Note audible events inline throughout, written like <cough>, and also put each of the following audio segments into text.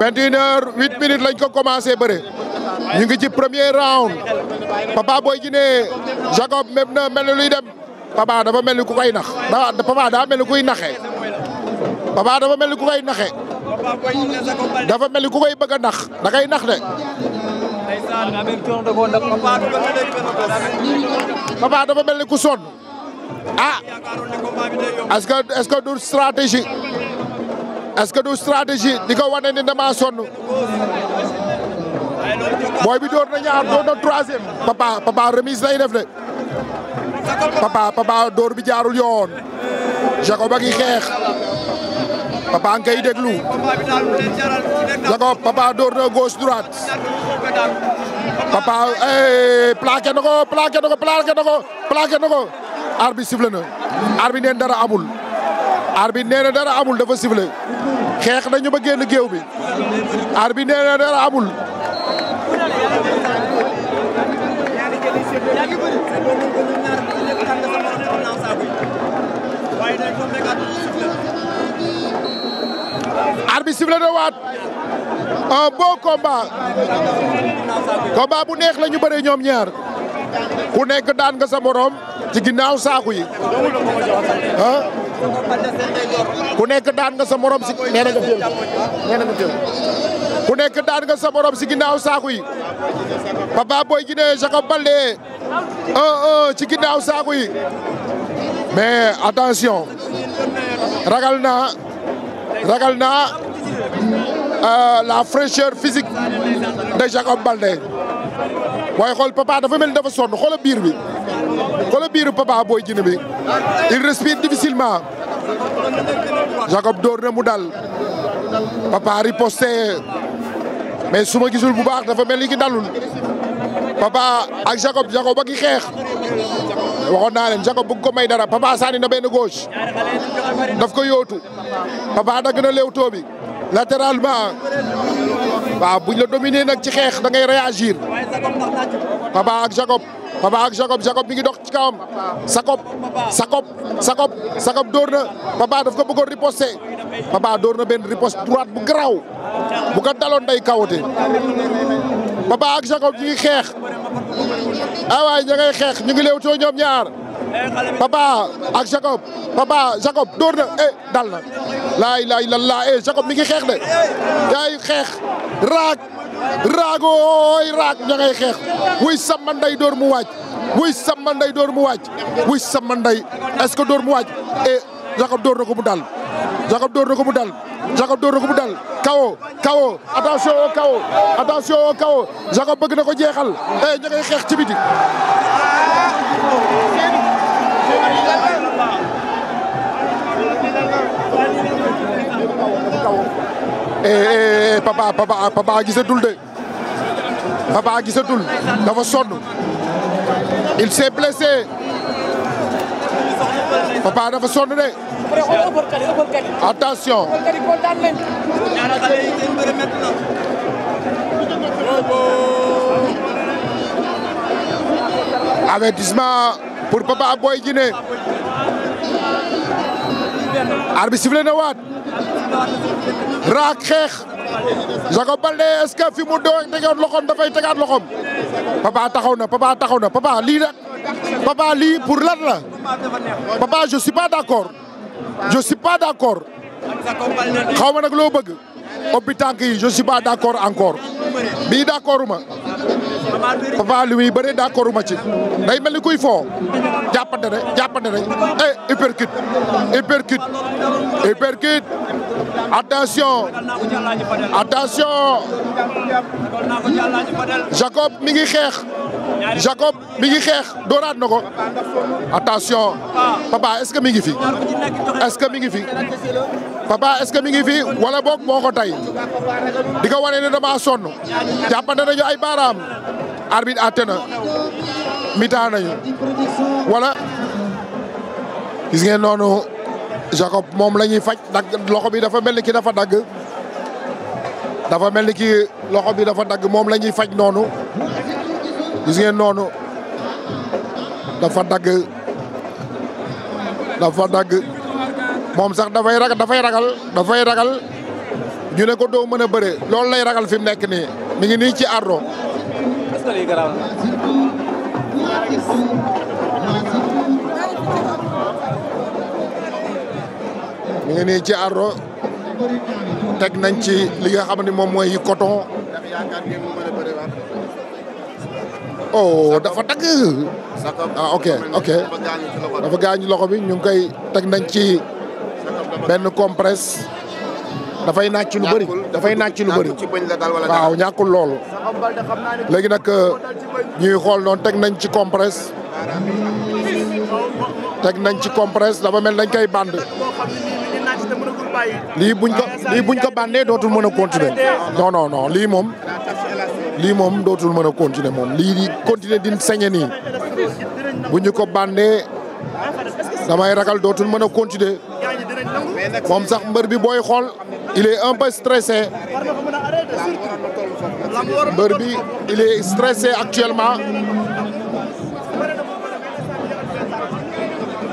vingt une heure huit minutes lañ ko commencé bëre ñu ngi ci premier round Papa Boy Djiné Jacob même na mel ni dem Papa dafa mel ni ku koy nax da Papa daa mel ni kuy naxee Papa dafa mel ni ku koy naxe dafa mel ni ku kay bëgg a nax da nax de. Papa dafa mel ni ku sonn ah est-ce que du stratégie. est-ce que du stratégie di ko wane ni damaa sonn booy bi door ñaar door na papa remise lay def papa door bi jaarul yoon Jacob a ngi xeex papa a ngi Jacob papa door na droite papa eh plaqué na ko plaqué na ko plaqué na ko neen dara amul. arbitre nee dara amul dafa sifflé xeex nañu ba génn géew bi arbitre nee dara amul arbitre sifflé na waat un beau combat combat bu neex la ñu bëree ñoom ñaar ku nekk daan nga sa ci ginnaaw saaku yi ah ku nekk daan nga sa morom si nee na nga jël ku nekk daan nga sa morom si ginnaaw saaku yi Papa Boy Djiné Jacob Baldé 1-1 ci ginnaaw saaku yi mais attention ragal naa ragal naa euh, la fraîcheur physique de Jacob Baldé waaye xool papa dafa mel ni dafa sonn xoola biir bi xoola biiru papa booy jinne bi il respire difficilement Jacob dóor mu dal papa riposté mais su ma gisul bu baax dafa mel ni ki dalul papa ak Jacob Jacob a ngi xeex waxoon naa leen Jacob bëgg ko may dara papa sànni na benn gauche daf ko yóotu papa dagg na léewtoo Papa buñ la dominer nag ci xeex da ngay réagir Papa ak Jacob Papa ak Jacob Jacob mi ngi dox ci kawam Sakop Sakop Sakop Sakop dóor na Papa def ko bëggoon riposte Papa dóor na benn riposte droite bu garaaw bu ko daloon bay kawote Papa ak Jacob ñu ngi xeex ay waay ña ngay xeex ñu ngi leew too ñoom ñaar Papa ak Jacob Papa Jacob dóor na eh dal na laay eh, Jacob mi ngi xeex de yaay xeex raag raagooy raag ña ngay xeex wuy sama nday dóor mu waaj wuy sama nday mu waaj wuy sama nday est que dóor mu waaj eh Jacob dóor na ko mu dal Jacob dóor na ko mu dal Jacob ko mu dal kawo kawo attention o kawo attention kawo Jacob bëgg na ko jeexal eh ña xeex ci biti Eh, eh, eh, papa papa papa gisatul de papa gisatul dafa sonn il s'est blessé papa dafa sonn de attention avertissement pour Papa Boy Djiné arbitre bi na waat raak xeex Jacob Baldé est-ce que fi mu doon tegoon loxoom dafay tegaat loxoom Papa taxaw na Papa taxaw na Papa lii nag Papa lii pour la la Papa je suis pas d'accord je ma nag loo bëgg ubbi tànk yi je suis d' accord encore bii d' accord ma Papa lu muy bëre d' accord ma ci day mel ni kuy foo jàppante rek jàppante rek eh uppercut uppercut uppercut attention attention Jacob mi ngi xeex Jacob mi ngi xeex dooraat na ko attention Papa est ce que mi ngi fi est ce que mi ngi fi. Papa est-ce que mi ngi fi wala boog moo ko tey di ko wane ne dama sonn jàppante nañu ay baaraam arbitre àtte na mitaa nañu wala gis ngeen noonu Jacob moom la ñuy faj dagg loxo bi dafa mel ni ki dafa dagg dafa mel ni ki loxo bi dafa dagg moom lañuy faj noonu gis noonu dafa dagg dafa dagg moom sax dafay ragal dafay ragal dafay ragal ñu ko doo mën a bëre loolu lay ragal fi mu nekk nii mi ngi nii ci ardo mi ngi nii ci ardo teg nañ ci li nga xam ni moom mooy coton. oh dafa dagg. ah ok ok dafa gaañu loxo bi ñu ngi teg nañ ci. benn compresse dafay naaj ci lu bëri dafay naaj ci lu bëri waaw ñàkkul loolu léegi nag euh, ñuy xool noonu teg nañ ci compresse teg nañ ci compresse dafa mel dañ koy band lii buñ ko lii buñ ko bàndee dootul mën a continuer non non non lii moom lii moom dootul mën a continuer moom lii di continuer di sañe nii ko bàndee damay ragal dootul mën a continuer moom sax mbër bi booy xool il est un peu stressé mbër bi il est stressé actuellement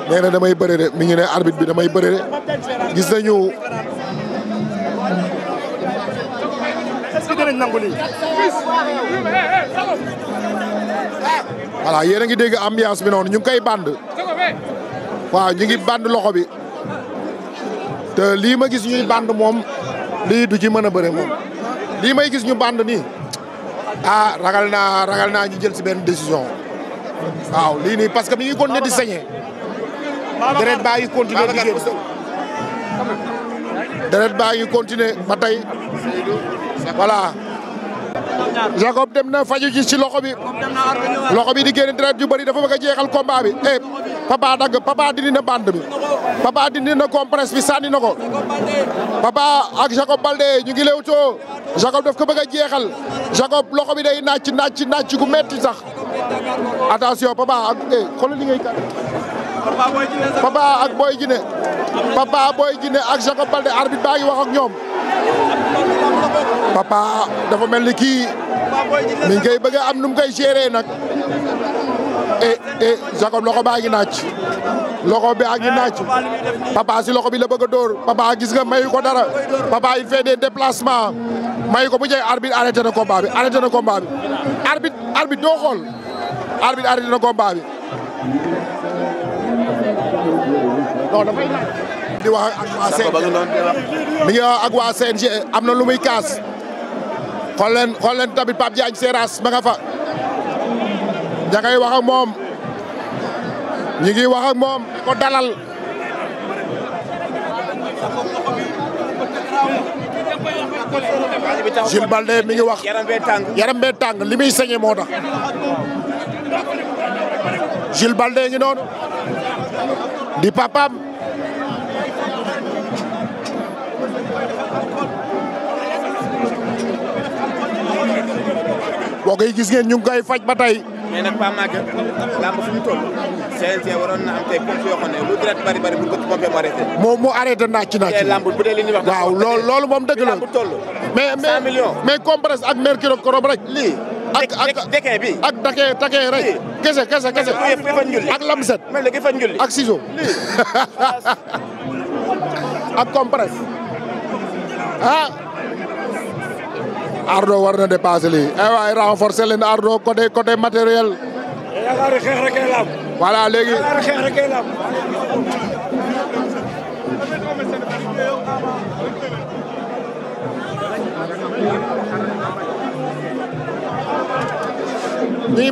nee na damay bëre mi ngi ne arbitre bi damay bëre de gis nañu. voilà yéen a ngi dégg ambiance bi noonu ñu ngi koy band waaw ñu ngi band loxo bi. lii ma gis ñuy band moom lii du ci mën a bëre moom lii may gis ñu band nii ah ragal naa ragal naa ñu jël si benn décision waaw lii nii parce que mi ngi continuer di sañee deret baa ngi continuer di génn deret baa ngi continuer ba tey voilà Jacob dem na faju ji ci loxo bi loxo bi di génn deret ju bëri dafa bëgg a jeexal combat bi eh, papa dagg papa dindi na bande papa dindi na compresse bi sànni na ko papa ak Jacob Balde ñu ngi lewtoo Jacob daf ko bëgg a jeexal Jacob loxo bi day nàcc nàcc nàcc gu metti sax attention papa ak eh xoolal li ngay kat papa ak Boy Djiné papa Boy Djiné ak Jacob Balde arbitre baa ngi wax ak ñoom papa dafa mel ni kii mi ngi koy am nu mu koy gérer nag e Jacob loxo baa ngi naaj loxo baa ngi naaj papa si loxo bi la bëgg a dóor papa gis nga mayu ko dara papa il fait des déplacements ko bu jege arbitre arrêté ko combat bi doo xool arbitre arrêté na combat bi non dafay naaj di waa CNG mi ngi am na lu muy kaas xool leen xool leen tamit Pape Diagne Seras ma nga fa ña ngay wax moom ñi ngi wax ak moom ko dalal Jules Baldé mi ngi wax yaram bee tàng li muy sañe moo tax Jules Baldé ngi noonu di papam boo gis ngeen ñu ngi koy faj ba tey mais nag Pape Maguette làmb fu mu toll moom moo arrêté naaj ci naaj. tey làmb bu dee li ñuy wax. waaw loolu loolu moom dëgg la làmb toll. 100 millions mais mais compresse ak mercure korob rek. ak ak bi ak dëkkee dëkkee rek. kese kese kese ak lamset. mel ni ki fa njulli ak ciseau. <laughs> ak compresse ah! Ardo war na dépasser lii ay eh waay renforcer leen Ardo côté matériel. yaakaar voilà léegi yaakaar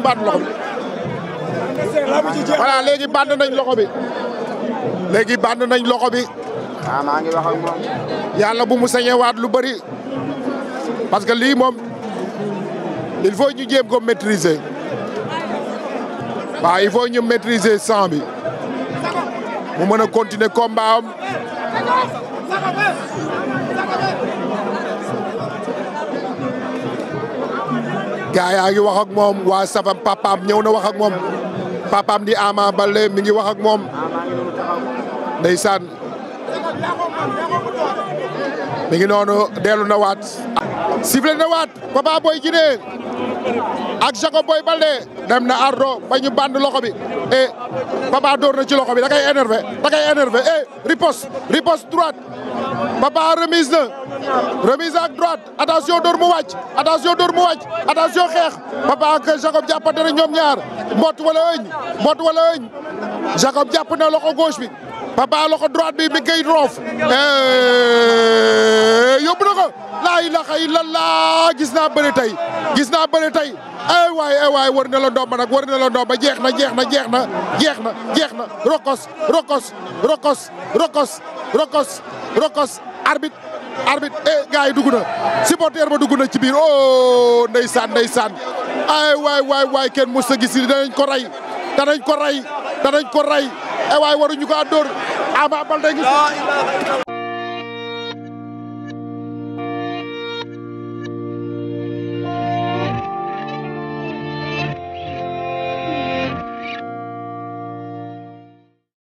baat loxo bi. voilà léegi band nañ loxo bi. léegi band nañ loxo bi. waaw ah, maa ngi wax bu mu sañewaat lu bari parce que lii moom il faut ñu jéem ko maîtriser waa il faut ñu maîtriser sang bi mu mën a continuer combat am gaa yaa ngi wax moom waa safam papaam ñëw na wax ak moom papaam di Ama Baldé mi ngi wax ak moom ndeysaan mi ngi noonu dellu na waat sifflé na waat Papa Boy Djiné ak Jacob Boy Baldé dem na ardo ba ñu band loxo bi e Papa door na ci loxo bi da kay énervé da kay énervé e riposte riposte droite Papa remise na remise ak droite attention door mu wàcc attention door mu wàcc attention xeex Papa Jacob jàppante na ñoom ñaar mbot wala ëñ mbot wala ëñ Jacob jàpp na loxo gauche bi Papa loxo droite bi mi ngi roof eh, ilaha illallah gis naa bëri tey gis naa bëri tey ay waay ay waay war na la ndomba nag war na la ndomba jeex na jeex na jeex na jeex na jeex na rokos rokos rokos rokos rokos rokos arbitre arbitre eh gars dugg na supporter ba dugg na ci biir oh ndeysaan ndeysaan ay waay waay waay kenn mos a gis ni danañ ko rey danañ ko rey danañ ko rey ay waay waruñu ko a dóor Ama Baldé